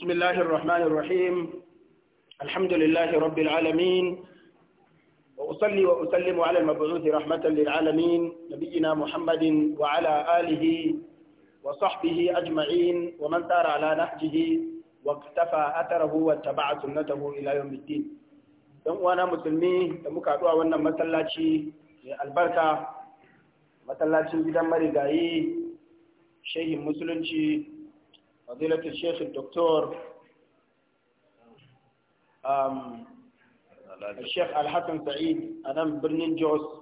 بسم الله الرحمن الرحيم الحمد لله رب العالمين وأصلي وأسلم على المبعوث رحمة للعالمين نبينا محمد وعلى آله وصحبه أجمعين ومن سار على نهجه واقتفى أثره واتبع سنته إلى يوم الدين وأنا مسلمي مكادوا وأنا مسلاتي البركة masallacin gidan marigayi shehin musulunci فضيلة الشيخ shek Alhassan Sa'id a nan Birnin Jos.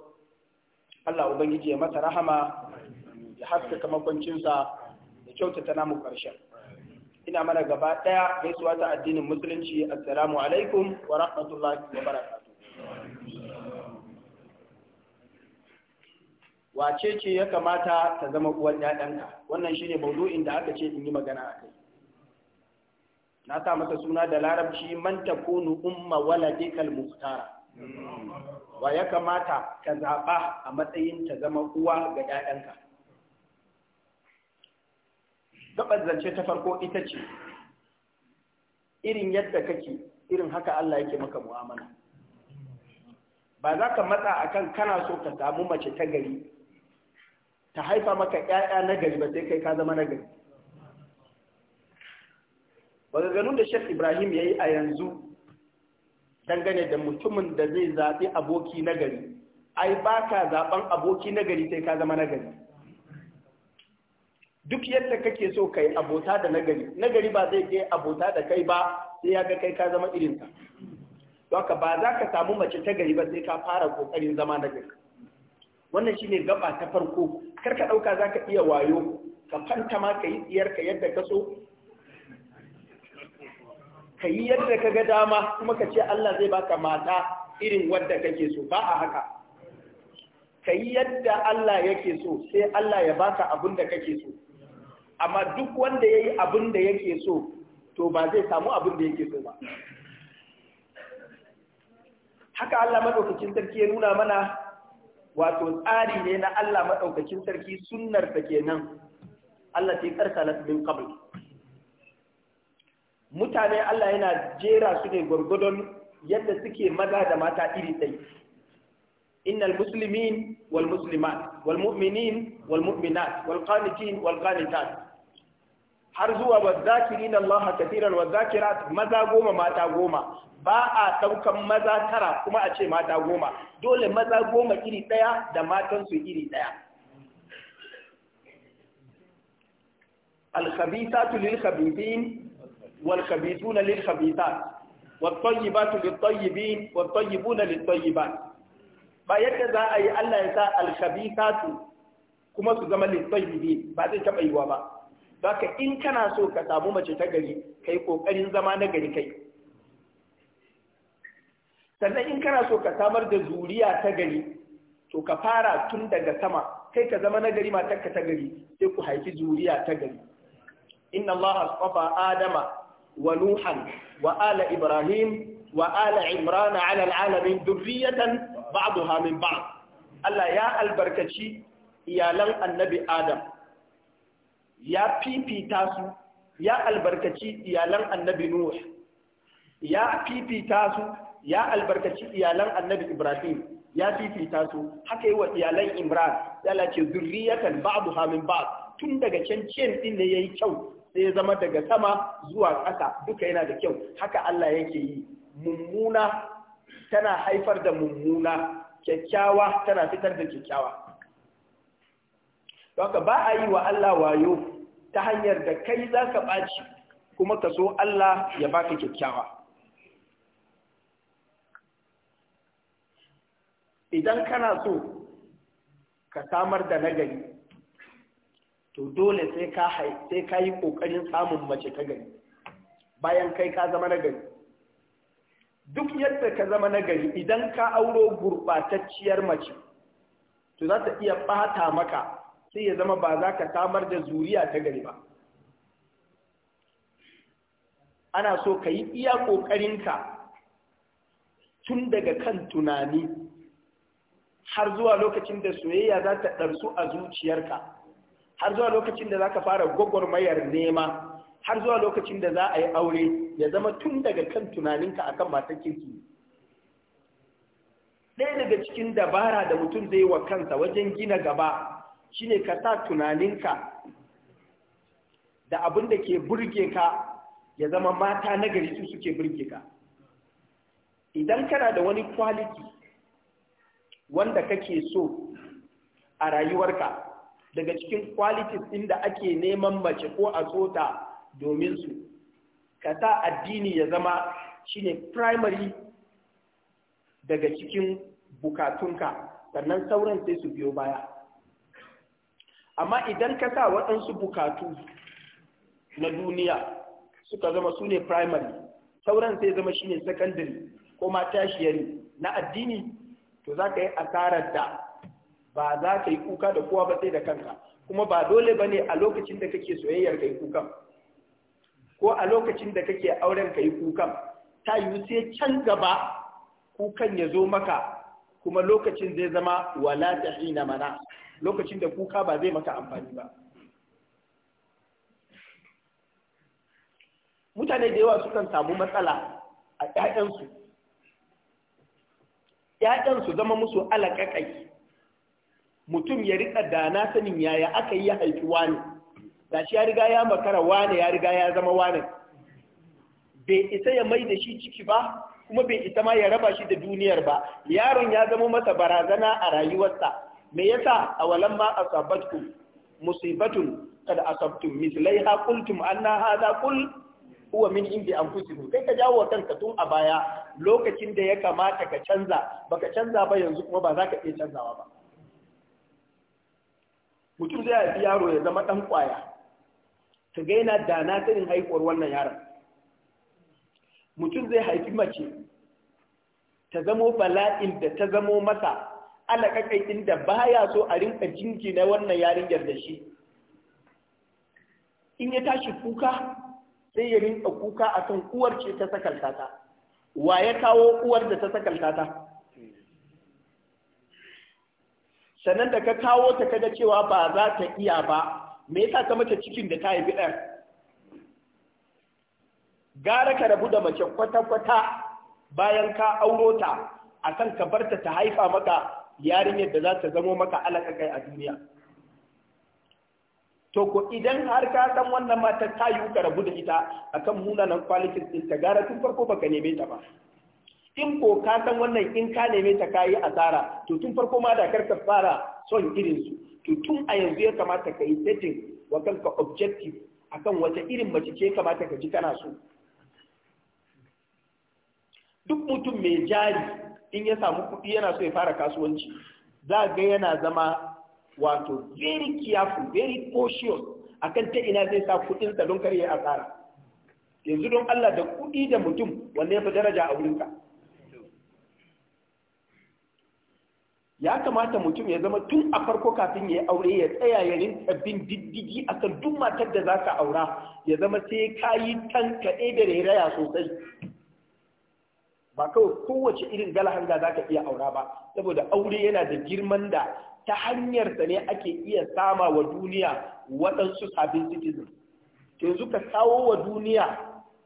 Allah Ubangiji ya masa rahama ya haskaka makwancinsa da ta namu ƙarshen. Ina mana gaba ɗaya gaisuwa ta addinin Musulunci, Assalamu alaikum wa rahmatullahi wa barakatuh. wace ce ya kamata ta zama uwar ‘ya'yanka wannan shine maudu'in da aka ce in yi magana a kai na sa masa suna da larabci manta kunu umma waladikal muhtara wa ya kamata ka zaɓa a matsayin ta zama uwa ga ‘ya'yanka gabar zance ta farko ita ce irin yadda kake irin haka Allah yake maka mu'amala ba za ka matsa akan kana so ka samu mace ta gari ta haifa maka ƴaƴa na gari ba sai kai ka zama na gari ganin da shek ibrahim ya yi a yanzu dangane da mutumin da zai zaɓi aboki na gari ai ba ka zaɓen aboki na gari sai ka zama na gari duk yadda kake so kai abota da nagari nagari ba zai kai abota da kai ba sai ya ga kai ka zama irinsa Doka ba za ka samu mace ta gari ba sai ka fara kokarin zama nagari wannan shine gaba ta farko Kar ka ɗauka za ka iya wayo ka fanta ma ka yi tsiyarka yadda ka so ka yi yadda ka ga dama kuma ka ce Allah zai baka mata irin wadda kake so ba a haka ka yi yadda Allah yake so sai Allah ya baka abin da kake so amma duk wanda ya yi abin da yake so to ba zai samu abin da yake so ba haka Allah madaukakin sarki ya nuna mana wato tsari ne na Allah maɗaukakin sarki sunnar ta kenan Allah ta karsa min qabl mutane Allah yana jera su ne gwargwadon yadda suke maza da mata iri ɗaya innal muslimin wal muslimat wal mu'minin wal mu'minat wal qanitin wal qanitat har zuwa wazakirin Allah kafiran wazakirat maza goma mata goma ba a saukan maza tara kuma a ce mata goma dole maza goma iri ɗaya da matansu iri ɗaya alkhabitatu wal walkhabituna na lil littayyibin wattayyibuna littayyibat ba yadda za a yi Allah ya sa alkhabitatu kuma su zama littayyibin ba zai taɓa yiwa ba Baka in kana so ka samu mace ta gari kai ƙoƙarin zama na gari kai sannan in kana so ka samar da zuriya ta gari to ka fara tun daga sama kai ka zama na gari matarka ta gari sai ku haifi zuriya ta gari inna allaha astafa adama wa nuhan wa ala ibrahim wa ala imran ala alalamin durriyatan ba'daha min ba'd Allah ya albarkaci iyalan annabi Adam ya fifita su ya albarkaci iyalan annabi Nuh ya fifita su ya albarkaci iyalan annabi Ibrahim ya fifita su haka yi wa iyalan Imran ya lace zurriyatan ba'dha min ba'd tun daga can cin din ne yayi kyau sai ya zama daga sama zuwa ƙasa duka yana da kyau haka Allah yake yi mummuna tana haifar da mummuna kyakkyawa tana fitar da kyakkyawa Baka ba a yi wa Allah wayo ta hanyar da kai za ka ɓaci kuma ka so Allah ya ba ka kyakkyawa. Idan kana so ka samar da nagari, to dole sai ka yi ƙoƙarin samun mace ta gari, bayan kai ka zama nagari. Duk yadda ka zama nagari idan ka auro gurɓatacciyar mace, to za ta iya ɓata maka sai ya zama ba za ka samar da zuriya ta gari ba ana so ka yi iya ƙoƙarinka tun daga kan tunani har zuwa lokacin da soyayya za ta ɗarsu a zuciyarka har zuwa lokacin da za ka fara gwagwarmayar nema har zuwa lokacin da za a yi aure ya zama tun daga kan tunaninka kan masu kirki ɗaya daga cikin dabara da mutum zai wa kansa wajen gina gaba shine ka sa tunaninka da abin da ke burge ka ya zama mata nagari su suke burge ka idan kana da wani kwaliti wanda kake so a rayuwarka daga cikin kwalitis ɗin da ake neman mace ko a tsota domin su ka sa addini ya zama shine primary daga cikin bukatunka sannan sauran sai su biyo baya amma idan ka sa waɗansu bukatu na duniya suka zama su ne primary sauran sai zama shi ne secondary ko ma tashiyari na addini to za ka yi asarar da ba za ka yi kuka da kowa ba sai da kanka kuma ba dole ba ne a lokacin da kake soyayyar ka yi kukan ko a lokacin da kake auren ka yi kukan ta yi sai can gaba kukan ya zo maka kuma lokacin zai zama wala ta hina mana lokacin da kuka ba zai maka amfani ba mutane da yawa sukan samu matsala a ƴaƴansu ƴaƴansu zama musu alaƙaƙai mutum ya riƙa dana sanin yaya aka yi ya haifi wani da shi ya riga ya makara wani ya riga ya zama wani. bai isa ya mai da shi ciki ba kuma bai isa ma ya raba shi da duniyar ba yaron ya zama masa barazana a rayuwarsa me yasa awalan ma asabatkum musibatun kad asabtum mislaiha qultum anna hadha qul huwa min indi anfusikum kai ka jawo kanka tun a baya lokacin da ya kamata ka canza baka canza ba yanzu kuma ba za ka iya canzawa ba mutum zai haifi yaro ya zama dan kwaya ka ga yana da na sanin haihuwar wannan yaron mutum zai haifi mace ta zamo bala'in da ta zamo masa alakakai ɗin da baya so a rinka jinki na wannan yarinyar da shi in ya tashi kuka sai ya rinka kuka akan uwar ce ta sakaltata wa ya kawo uwar da ta sakaltata sannan da ka kawo ta kada cewa ba za ta iya ba me yasa ta mace cikin da ta haifi ɗan gara ka rabu da mace kwata-kwata bayan ka auro ta kan ka barta ta haifa maka yarinyar da za ta zamo maka alaka kai a duniya to ko idan har ka san wannan mata ta yi ka rabu da ita akan munanan kwalitin din ta gara tun farko baka neme ta ba in ko ka san wannan in ka neme ta kayi asara to tun farko ma da karka fara son irin su to tun a yanzu ya kamata ka yi setting wa kanka objective akan wata irin mace ce kamata ka ji kana so duk mutum mai jari in ya samu kuɗi yana so ya fara kasuwanci za ga yana zama wato very careful very cautious akan ta ina zai sa kuɗin sa don kar ya asara yanzu don Allah da kuɗi da mutum wanne ya fi daraja a wurinka ya kamata mutum ya zama tun a farko kafin ya yi aure ya tsaya ya rinka bin diddigi akan duk matar da za ka aura ya zama sai kayi yi kaɗe da raya sosai ba kawai kowace irin galahanga za ka iya aura ba saboda aure yana da girman da ta hanyarsa ne ake iya sama wa duniya waɗansu sabbin citizen yanzu ka kawo wa duniya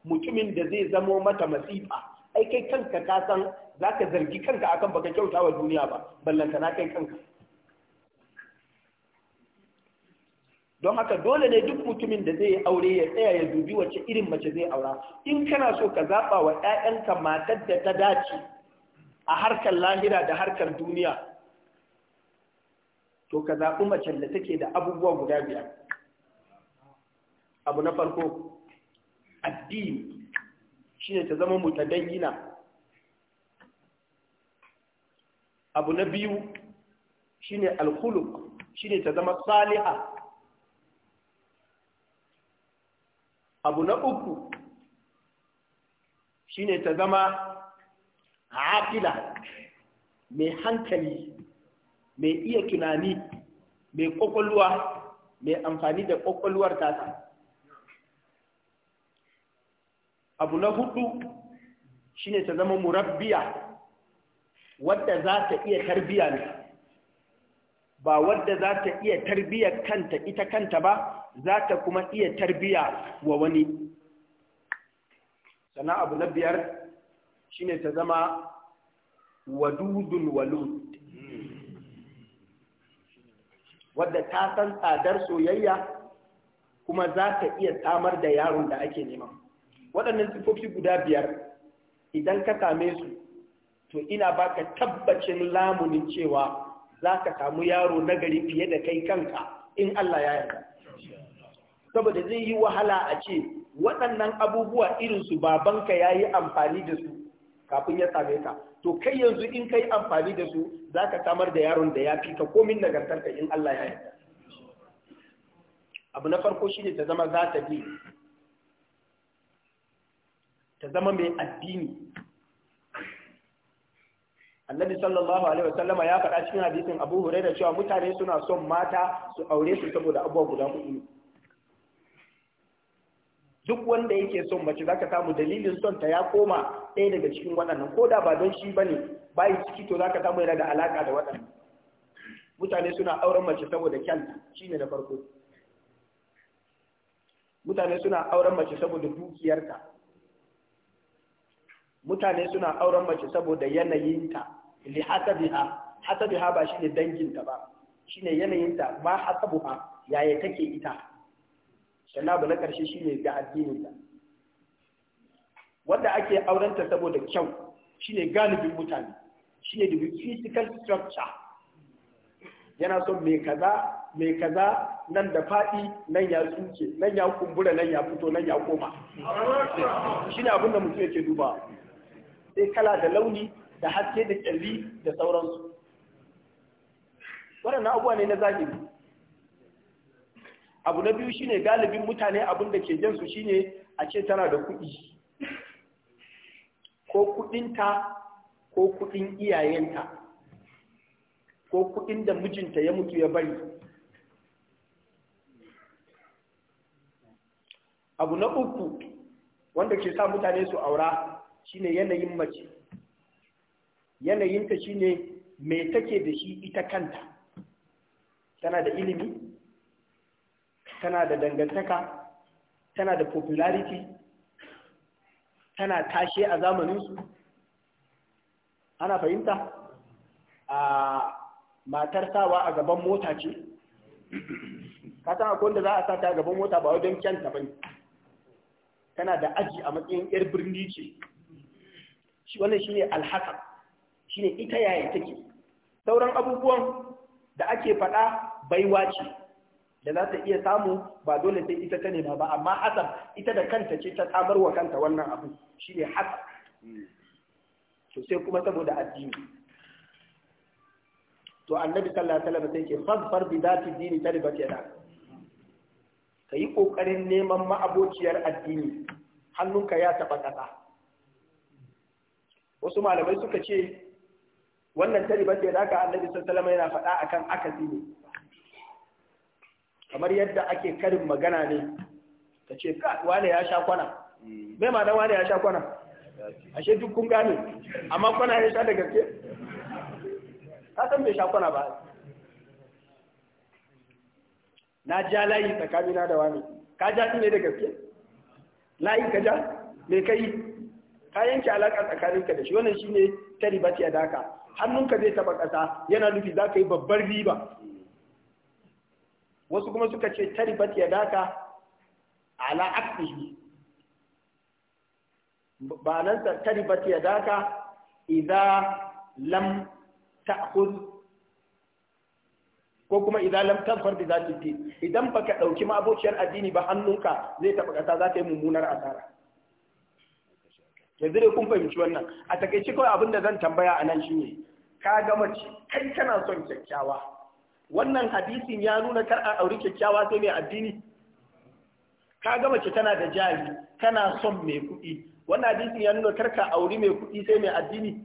mutumin da zai zamo mata masifa ai kai kanka ka san za ka zargi kanka akan baka kyauta wa duniya ba ballanta na kai kanka don haka dole ne duk mutumin da zai yi aure ya tsaya ya dubi wace irin mace zai aura in kana so ka zaɓa wa ‘ya'yanka matar da ta dace a harkar lahira da harkar duniya to ka zaɓi mace da take da abubuwa guda biyar abu na farko addini shi ne ta zama dangina abu na biyu shi ne alkuluk shi ne ta zama saliha abu na uku shine ta zama aqila mai hankali mai iya tunani mai ƙwaƙwalwa, mai amfani da ƙwaƙwalwar tasa abu na hudu shine ta zama murabbiya wadda za ta iya tarbiya ne ba wadda za ta iya tarbiyyar kanta ita kanta ba za ta kuma iya tarbiyya wa wani sana abu na biyar ne ta zama wadudun walud wadda ta san tsadar soyayya kuma za ta iya samar da yaron da ake nema waɗannan tsofaffi guda biyar idan ka same su to ina baka tabbacin lamunin cewa za ka samu yaro nagari fiye da kai kanka in Allah ya yarda saboda zai yi wahala a ce waɗannan abubuwa irinsu babanka ya yi amfani da su kafin ya same ka to kai yanzu in ka yi amfani da su za ka samar da yaron da ya fi ka komin nagartarka in Allah ya yarda abu na farko shi ne ta zama za ta bi ta zama mai addini annabi sallallahu alaihi wasallam ya faɗa cikin hadisin abu huraira cewa mutane suna son mata su aure su saboda abubuwa guda hudu duk wanda yake son mace zaka samu dalilin son ta ya koma ɗaya daga cikin waɗannan ko da ba don shi bane bai ciki to zaka samu yana da alaka da waɗannan mutane suna auren mace saboda kyan shine na farko mutane suna auren mace saboda dukiyarta mutane suna auren mace saboda yanayinta li hasabiha hasabiha ba shine dangin ta ba shine yanayin ta ma hasabuha yaya take ita sannan abu na karshe shine ga addinin ta wanda ake aurenta saboda kyau shine galibin mutane shine da physical structure yana son mai kaza mai kaza nan da faɗi nan ya tsuke nan ya kumbura nan ya fito nan ya koma shine abinda mutum yake duba sai kala da launi da haske da kyalli da sauransu waɗannan abuwa ne na zahiri abu na biyu shine galibin mutane abin da ke jansu shine a ce tana da kuɗi ko kuɗinta ko kuɗin iyayenta ko kuɗin da mijinta ya mutu ya bari abu na uku wanda ke sa mutane su aura shine yanayin mace yanayinta shi ne mai take da shi ita kanta tana da ilimi tana da dangantaka tana da popularity tana tashe a zamaninsu ana fahimta a matar sawa a gaban mota ce ka san akwai wanda za a sa ta gaban mota ba wajen kyanta ba tana da aji a matsayin yar birni ce shi wannan shine alhaka shine ita yaya take sauran abubuwan da ake faɗa baiwa ce da za ta iya samu ba dole sai ita ta nema ba amma asab ita da kanta ce ta samar wa kanta wannan abu shine hasab to sai kuma saboda addini to annabi sallallahu alaihi wasallam sai ke fadfar bi dati dini taribat yada kai kokarin neman ma'abociyar addini hannunka ya taba kasa wasu malamai suka ce wannan tariba ce da aka annabi sallallahu yana faɗa akan akasi ne kamar yadda ake karin magana ne ta ce wane ya sha kwana hmm. mai ma dan wane ya sha kwana ashe duk kun gane amma kwana ya sha da gaske ka san mai sha kwana ba na ja layi tsakanina da wani ka ja ne da gaske layi ka ja me kai ka yanke alaƙa tsakaninka da shi wannan shine taribati daka. hannunka zai taba ƙasa yana nufi za ka yi babbar riba wasu kuma suka ce taribat ya daka ala aksihi ba nan taribat ya daka idza lam ta'khudh ko kuma idan lam za bi zati idan baka ɗauki mabociyar addini ba hannunka zai taba ƙasa za ta yi mummunar asara yanzu dai kun fahimci wannan a takaice kawai abin da zan tambaya a nan shine ka ga mace kai kana son kyakkyawa wannan hadisin ya nuna kar a auri kyakkyawa sai mai addini ka ga mace tana da jari kana son mai kuɗi wannan hadisin ya nuna kar ka auri mai kuɗi sai mai addini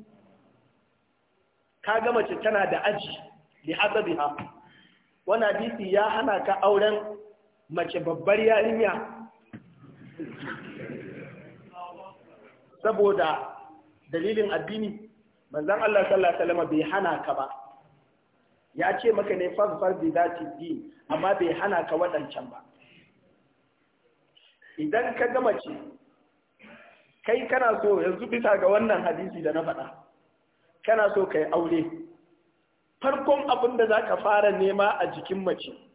ka ga mace tana da aji li hasabiha wannan hadisi ya hana ka auren mace babbar yarinya saboda dalilin addini manzon Allah sallallahu alaihi wasallam bai hana ka ba ya ce maka ne fa bi zati din amma bai hana ka waɗancan ba idan ka gama ce kai kana so yanzu bisa ga wannan hadisi da na faɗa kana so kai aure farkon abin da za fara nema a jikin mace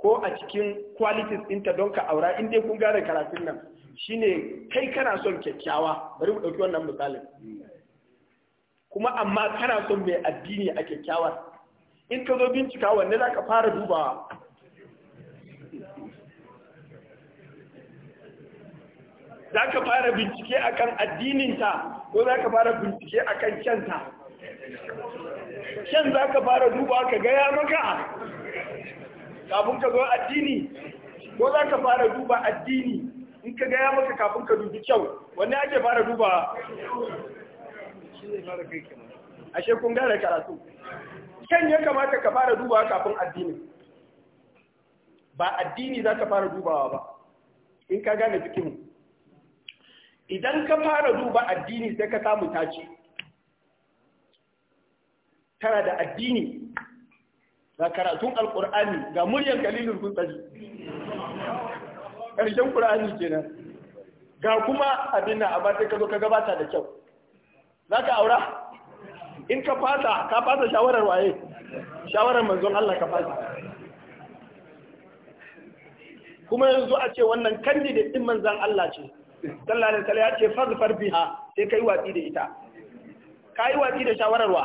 ko a cikin qualities ɗinta don ka aura inda dai kun gane karatun nan shine kai kana son kyakkyawa bari mu ɗauki wannan misalin kuma amma kana son mai addini a kyakkyawar in ka zo bincika wanne za ka fara dubawa za ka fara bincike akan addininta ko za ka fara bincike akan kyanta kyan za ka fara dubawa ka gaya maka kafin ka zo addini ko za ka fara duba addini in ka gaya maka kafin ka dubi kyau wanne ake fara duba ashe kun gane karatu kyan ya kamata ka fara duba kafin addini ba addini za ka fara dubawa ba in ka gane fikin idan ka fara duba addini sai ka samu taci, tana da addini ga karatun alkur'ani ga muryar kalilin kun tsaji ƙarshen ƙur'ani kenan ga kuma abin na amma sai ka zo ka gabata da kyau za ka aura in ka fasa ka fasa shawarar waye shawarar manzon Allah ka fasa kuma yanzu a ce wannan da ɗin manzon Allah ce sallallahu da wasallam ya ce fazfar biha sai yi watsi da ita Ka yi watsi da shawarar wa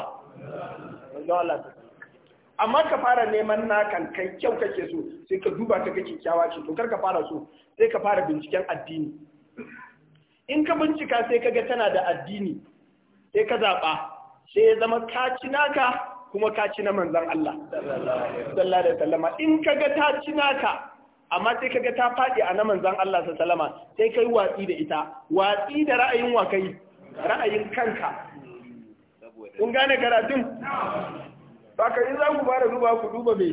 manzon Allah amma ka fara neman nakan kai kyau kake so sai ka duba ka ga kyakkyawa ce to kar ka fara so sai ka fara binciken addini in ka bincika sai ka ga tana da addini sai ka zaɓa sai ya zama ka ci naka kuma ka ci na manzan Allah sallallahu alaihi wasallam in ka ga ta ci naka amma sai ka ga ta faɗi a na manzan Allah wasallam sai kai watsi da ita watsi da ra'ayin wa kai ra'ayin kanka kun gane karatun Baka in za ku ba da zuba ku duba mai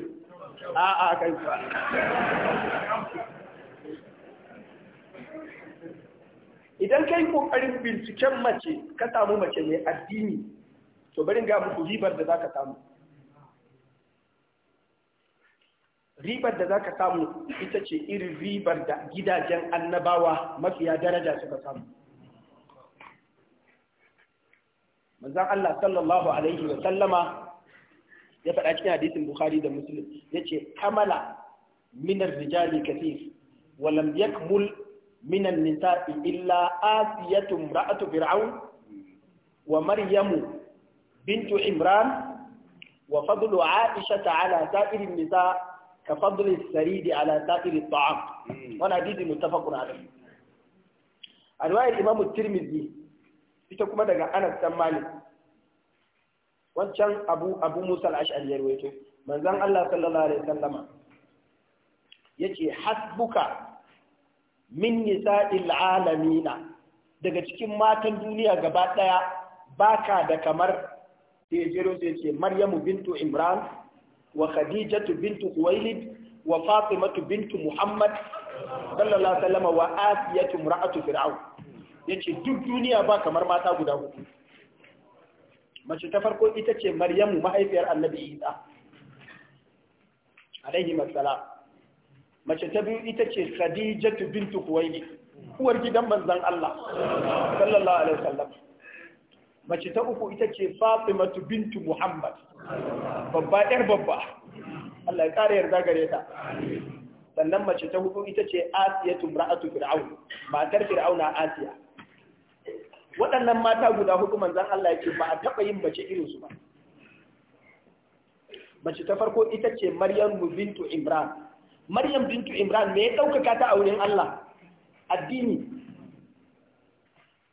a'a kai ba Idan kai kokarin binciken mace ka samu mace mai addini, to barin ga muku ribar da za ka samu. Ribar da za ka samu ita ce irin ribar da gidajen annabawa mafiya daraja suka samu. Manzan Allah sallallahu Alaihi wasallama ya faɗa cikin hadisin bukhari da muslim yace kamala minar rijali kathir wa lam yakmul nisai illa asiyatu imra'atu fir'aun wa maryamu bintu imran wa fadlu aisha ala sa'iri nisa ka fadli sarid ala sa'iri taam hmm. wannan hadisi muttafaqun alayhi a riwayar imam at-tirmidhi ita kuma daga anas dan malik wancan abu abu musa al-ash'ari ya rawaito manzon Allah sallallahu alaihi wasallama yace hasbuka min nisa'il alamina daga cikin matan duniya gaba daya baka da kamar sai jero sai yace maryamu bintu imran wa khadijatu bintu khuwailid wa fatimatu bintu muhammad sallallahu alaihi wasallama wa asiyatu imra'atu fir'aun yace duk duniya ba kamar mata guda hudu mace ta farko ita ce maryamu mahaifiyar annabi isa alaihi masalam mace ta biyu ita ce khadijatu bintu huwaili uwar gidan manzon Allah sallallahu alaihi wasallam mace ta uku ita ce fatimatu bintu muhammad babba yar babba Allah ya kare yarda gare ta sannan mace ta hudu ita ce asiyatu imra'atu fir'aun matar fir'auna asiya waɗannan mata guda hudu manzan Allah yake ba a taɓa yin mace su ba mace ta farko ita ce maryam bintu imran maryam bintu imran me ya ɗaukaka ta a Allah addini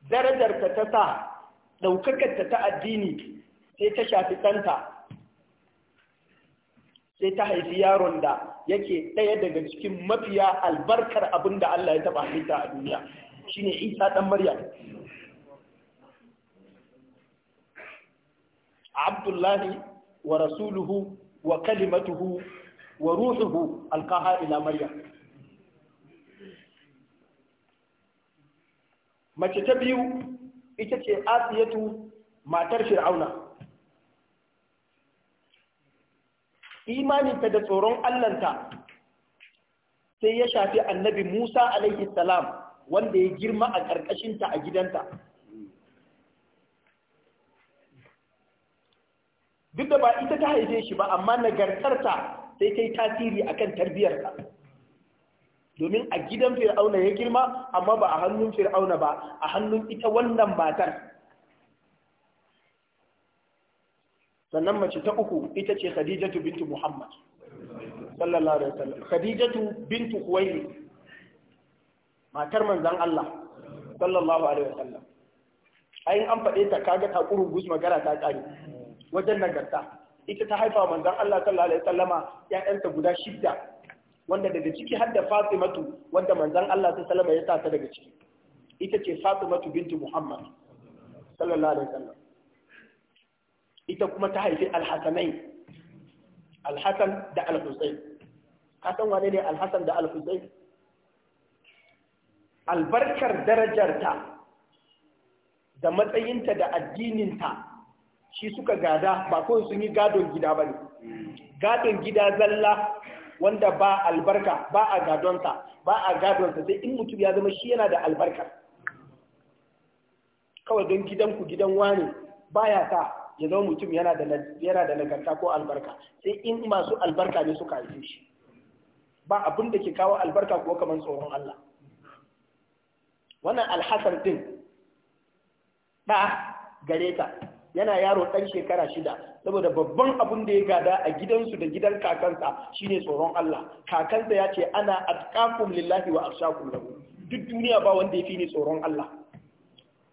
darajarta ta sa ɗaukakarta ta addini sai ta shafi ɗanta sai ta haifi yaron da yake ɗaya daga cikin mafiya albarkar abin da Allah ya taɓa halitta a duniya shine isa ɗan maryam abdullahi wa rasuluhu wa kalimatuhu wa ruhuhu alqaha ila maryam mace ta biyu ita ce asiyatu matar fir'auna imaninta da tsoron allanta sai ya shafi annabi musa alaihi salam wanda ya girma a ƙarƙashinta a gidanta duk da ba ita ta haife shi ba amma nagartarta sai ta yi tasiri a kan tarbiyarsa domin a gidan fir'auna ya girma amma ba a hannun fir'auna ba a hannun ita wannan matar sannan mace ta uku ita ce khadijatu bintu muhammad sallallahu alaihi wasallam khadijatu bintu huwaili matar manzon Allah sallallahu alaihi wasallam ayin an faɗe ta kaga ta kurun gusma gara ta kare wajen nagarta ita ta haifa manzon Allah sallallahu alaihi wasallama ƴaƴanta guda shidda wanda daga ciki har da Fatimatu wanda manzon Allah sallallahu alaihi wasallama ya sa ta daga ciki ita ce Fatimatu binti Muhammad sallallahu alaihi wasallam ita kuma ta haifi Al-Hasanain Al-Hasan da Al-Husayn ka san wane ne Al-Hasan da Al-Husayn albarkar darajarta da matsayinta da addininta shi suka gada ba kawai sun yi gadon gida ba ne gadon gida zalla wanda ba albarka ba a gadonsa ba a gadonsa sai in mutum ya zama shi yana da albarka kawai don gidanku gidan wani ya sa ya zama mutum yana da nagarta ko albarka sai in masu albarka ne suka yi shi ba abin da ke kawo albarka ko kamar tsoron Allah wannan alhassan din ba gareta. yana yaro ɗan shekara shida saboda babban abin da ya gada a gidansu da gidan kakansa shine tsoron Allah kakansa ya ce ana atqakum lillahi wa arshakum lahu duk duniya ba wanda ya fi ni tsoron Allah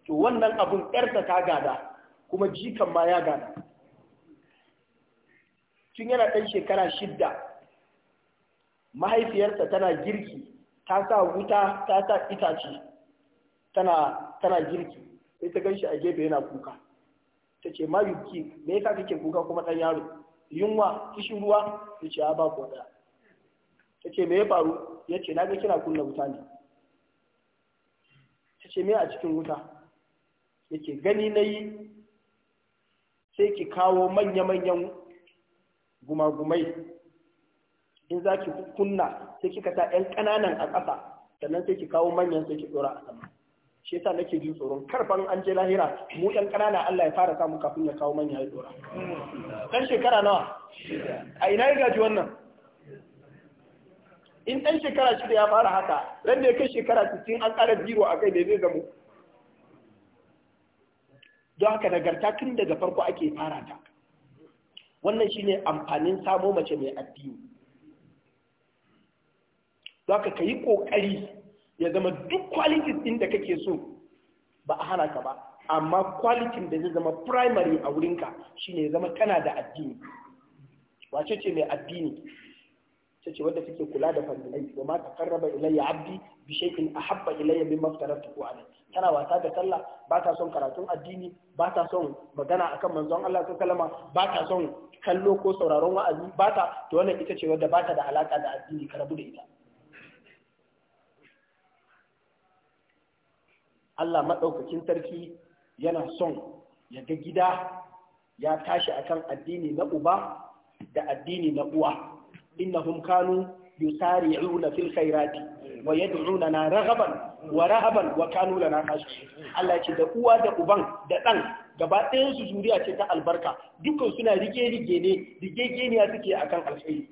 to wannan abun ƙarta ta gada kuma jikan ma ya gada tun yana ɗan shekara shidda mahaifiyarsa tana girki ta sa wuta ta sa itace tana girki sai ta ganshi a gefe yana kuka ta ce ma yuki me yasa kake kuka kuma ɗan yaro yunwa kishin ruwa ta ce ba ku ɗaya ta ce me ya faru ya ce na ga kina kunna wuta ne ta ce me a cikin wuta ya gani na yi sai ki kawo manya-manyan gumagumai in za ki kunna sai kika ta 'yan ƙananan a ƙasa sannan sai ki kawo manyan sai ki ɗora a sama shi yasa nake jin tsoron karfan an je lahira mu yan ƙanana Allah ya fara samu kafin ya kawo manya ya dora dan shekara nawa a ina ya gaji wannan in dan shekara shida ya fara haka ran da ya kai shekara 60 an ƙara biro a kai da zai gamu don haka nagarta tun daga farko ake fara ta wannan shine amfanin samo mace mai addini don haka ka yi ƙoƙari ya zama duk qualities din da kake so ba a hana ka ba amma qualities da zai zama primary a wurinka shine ya zama kana da addini wace ce mai addini ta ce wadda take kula da fardilai wa ma taqarraba ilayya abdi bi shay'in ahabba ilayya mimma aftaratuhu ala? tana wasa da sallah ba ta son karatun addini ba ta son magana akan manzon Allah ta kalama ba ta son kallo ko sauraron wa'azi ba ta to wannan ita ce wadda ba ta da alaka da addini ka rabu da ita Allah maɗaukakin sarki yana son ya ga gida ya tashi akan addini na uba da addini na uwa Inna innahum kanu yusari'una fil khairati wa yad'una na raghaban wa rahaban wa kanu lana khashi'in Allah ce da uwa da uban da ɗan gaba ɗayan su zuriya ce ta albarka dukkan suna rige rige ne rigegeniya suke akan alkhairi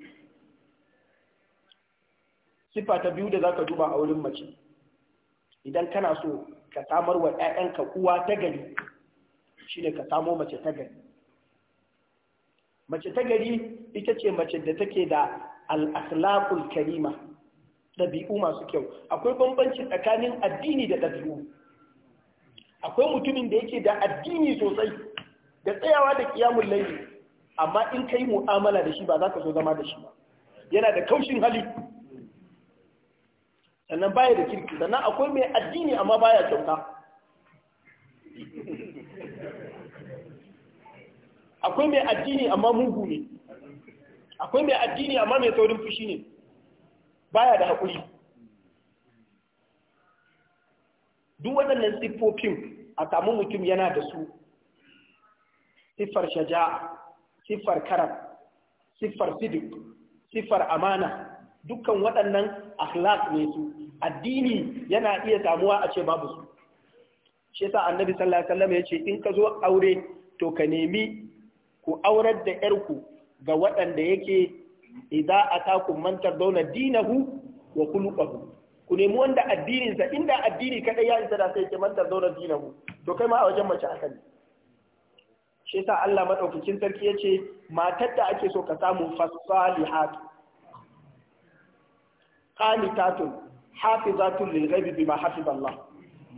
sifa ta biyu da zaka duba a wurin mace idan kana so ka samar wa ‘ya'yanka uwa ta gari shi ne ka samo mace ta gari mace ta gari ita ce mace da take da al'akhlaqul karima ɗabi'u masu kyau akwai bambanci tsakanin addini da ɗabi'u akwai mutumin da yake da addini sosai da tsayawa da ƙiyamun laili amma in ka yi mu'amala da shi ba za ka so zama da shi ba yana da kaushin hali sannan baya da kirki sannan akwai mai addini amma baya kyauta akwai mai addini amma mugu ne akwai mai addini amma mai saurin fushi ne baya da haƙuri duk waɗannan siffofin a samun mutum yana da su siffar shaja siffar karam siffar sidik siffar amana dukkan waɗannan akhlaq ne su addini yana iya samuwa a ce babu su shi yasa annabi sallallahu alaihi wasallam yace in ka zo aure to ka nemi ku aurar da yarku ga waɗanda yake idza atakum man tardawna dinahu wa khuluquhu ku nemi wanda addinin sa inda addini kadai ya isa da sai ke man tardawna dinahu to kai ma a wajen mace haka ne shi yasa Allah madaukakin sarki yace matar da ake so ka samu fasalihat qanitatun hafizatun lil ghaibi bima hafiz Allah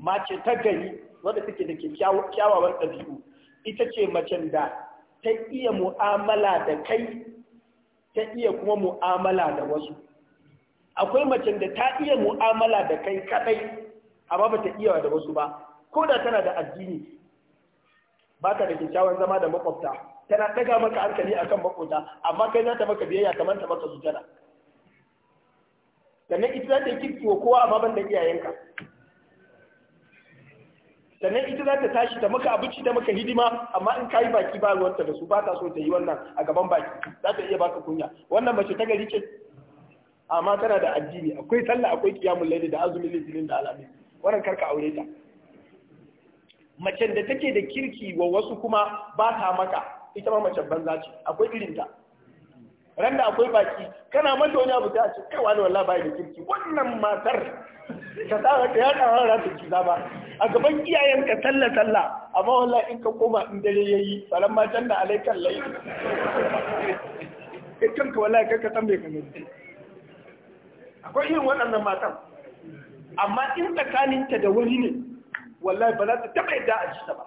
mace ta gari wadda take da kyawawan ɗabi'u ita ce macen da ta iya mu'amala da kai ta iya kuma mu'amala da wasu akwai macen da ta iya mu'amala da kai kadai amma ba ta iya da wasu ba ko da tana da addini ba ta da kyakkyawan zama da makwabta tana daga maka hankali akan makwabta amma kai za ta maka biyayya kamar ta maka sujada sannan ita za ta yi kirki wa kowa amma ban da iyayenka sannan ita za ta tashi ta maka abinci ta maka hidima amma in kayi baki ba ruwanta da su ba ta so ta yi wannan a gaban baki za ta iya baka kunya wannan mace ta gari ce amma tana da addini akwai sallah akwai kiyamul laili da azumin litinin da alamin wannan karka aure ta macen da take da kirki wa wasu kuma ba ta maka ita ma mace banza ce akwai irin ta. ran da akwai baki kana manta wani abu ta ce kai wani wallahi bai da kirki wannan matar ka tsara ta ya tsara ta kiza ba a gaban iyayen ka talla talla amma wallahi in ka koma in dare yayi salan ma janna alaikan lai kai kanka wallahi kai ka san ka kana akwai irin waɗannan matan amma in tsakaninta da wani ne wallahi ba za ta taɓa yadda a ci ta ba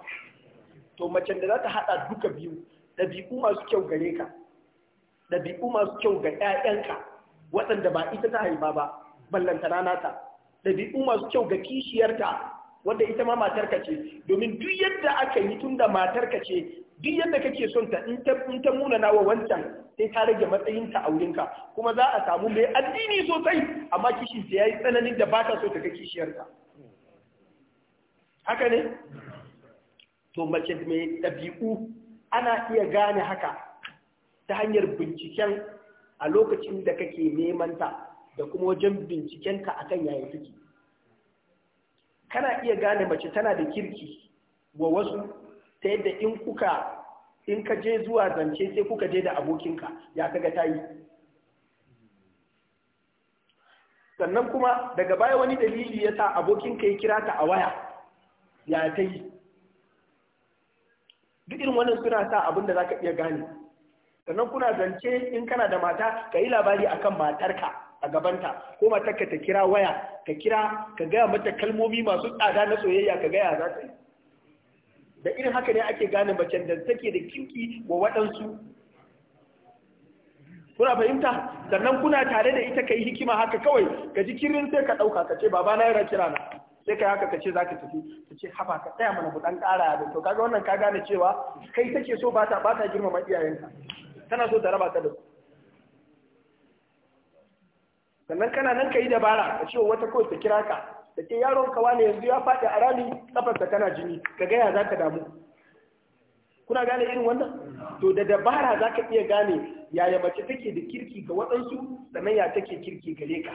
to macen da za ta haɗa duka biyu ɗabi'u masu kyau gare ka ɗabi'u masu kyau ga 'ya'yanka waɗanda ba ita ta haifa ba ballantana nata ɗabi'u masu kyau ga kishiyarta wanda ita ma matarka ce domin duk yadda aka yi tun da matarka ce duk yadda kake son ta in ta in ta munana wa wancan sai ta rage matsayin ta aurinka kuma za a samu mai addini sosai amma kishin ta yayi tsananin da ba ta so ta ga kishiyarta haka ne to mace mai ɗabi'u ana iya gane haka ta hanyar binciken a lokacin da kake neman ta da kuma wajen binciken ka akan yayin suke kana iya gane mace tana da kirki wa wasu ta yadda in kuka in ka je zuwa zance sai kuka je da abokinka ya kaga ta yi sannan kuma daga baya wani dalili ya sa abokinka ya kira ta a waya ya ta yi duk irin wannan suna sa abin da za ka iya gane sannan kuna zance in kana da mata ka yi labari akan matarka a gabanta ko matarka ta kira waya ka kira ka gaya mata kalmomi masu tsada na soyayya ka gaya za ta yi da irin haka ne ake gane macen da take da kinki wa waɗansu kuna fahimta sannan kuna tare da ita ka yi hikima haka kawai ka ji kirin sai ka ɗauka ka ce baba na yana kira na sai ka haka ka ce za ka tafi Ka ce haba ka tsaya mana buɗan ƙara da to kaga wannan ka gane cewa kai take so ba ta girmama iyayenka tana so ta raba ta da su sannan kana nan ka yi dabara a cewa wata kawai ta kira ka da ke yaron kawa ne yanzu ya faɗi a rami ƙafarsa tana jini ka gaya za ka damu kuna gane irin wannan to da dabara za ka iya gane yaya mace take da kirki ga waɗansu sannan ya take kirki gare ka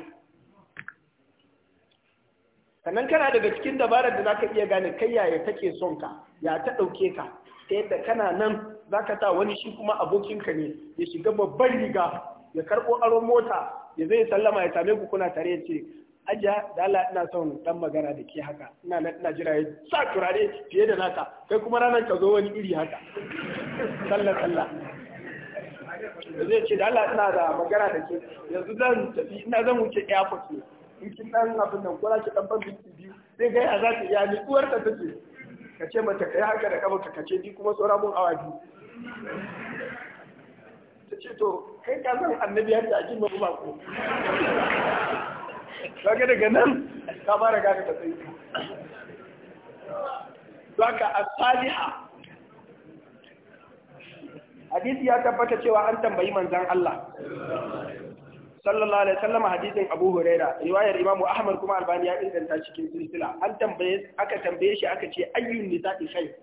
sannan kana daga cikin dabarar da za ka iya gane kai yaya take son ka ya ta ɗauke ka ta yadda kana nan za ka sa wani shi kuma abokinka ne ya shiga babban riga ya karɓo aron mota ya zai sallama ya same ku kuna tare ya ce ajiya da Allah ina son dan magana da ke haka ina ina jira ya sa turare fiye da naka kai kuma ranar ka zo wani iri haka sallah sallah zai ce da Allah ina da magana da ke yanzu zan tafi ina zan wuce airport ne in kin dan abin nan kula ki dan ban biki biyu zai ga ya za ta iya ni uwar ta take ka ce mata kai haka da kafa ka ce ni kuma saura mun awa biyu ta ce to kai ka annabi yadda a jin mabu bako kaga daga nan ka fara gane ka sai Zaka as-saliha hadisi ya tabbata cewa an tambayi manzan Allah sallallahu alaihi wasallam hadisin Abu Huraira riwayar Imam Ahmad kuma Albani ya inganta cikin silsila an tambaye aka tambaye shi aka ce ayyun nisa'i khair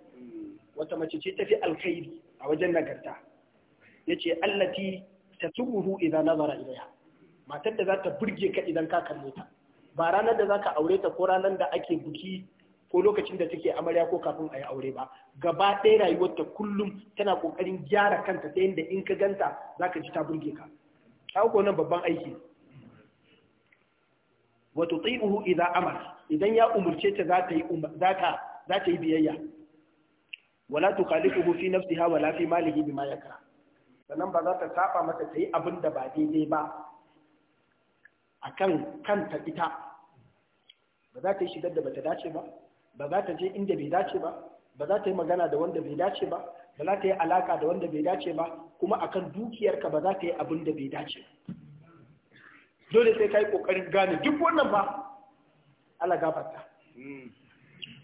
wata mace ce tafi alkhairi a wajen nagarta ya yace allati tasubuhu idan nazara ilaiha matar da za ta burge ka idan ka kalle ta ba ranar da za ka aure ta ko ranar da ake buki ko lokacin da take amarya ko kafin a yi aure ba gaba ɗaya rayuwarta kullum tana ƙoƙarin gyara kanta ta yadda in ka ganta za ka ji ta burge ka ko nan babban aiki wato tsi'uhu idan amar idan ya umarce um-, ta za ta yi biyayya wala tukhalifuhu fi nafsiha wala fi malihi bima yakra sannan ba za ta saba mata ta yi abin da ba daidai ba akan kanta ita ba za ta yi shigar da bata dace ba ba za ta je inda bai dace ba ba za ta yi magana da wanda bai dace ba ba za ta yi alaka da wanda bai dace ba kuma akan dukiyarka ba za ta yi abin da bai dace dole sai ka yi ƙoƙarin gane duk wannan ba Allah gafarta hmm.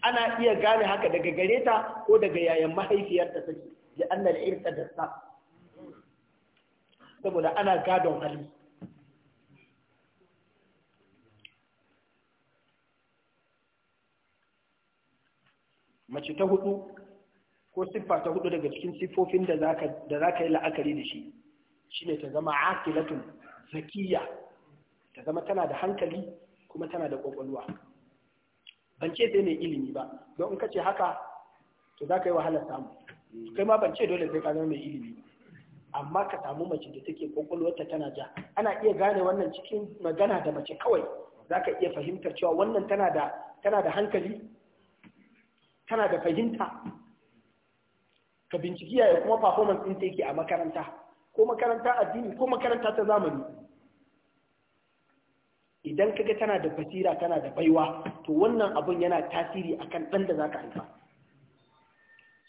ana iya gane haka daga gare ta ko daga yayan mahaifiyarta take da annal irta da sa saboda ana gadon hali mace ta hudu ko siffa ta hudu daga cikin siffofin da za ka yi la'akari da shi shine ta zama akilatun zakiya ta zama tana da hankali kuma tana da kwakwalwa ban ce sai mai ilimi ba don in ka ce haka to za ka yi wahalar samu hmm. kai ma ban ce dole sai ka zama mai ilimi amma ka samu mace da take kwakwalwarta tana ja ana iya gane wannan cikin magana da mace kawai za ka iya fahimtar cewa wannan tana da tana da hankali tana da fahimta ka binciki yaya kuma performance ɗin take a makaranta ko makaranta addini ko makaranta ta zamani idan kaga tana da basira tana da baiwa to wannan abun yana tasiri akan dan da zaka haifa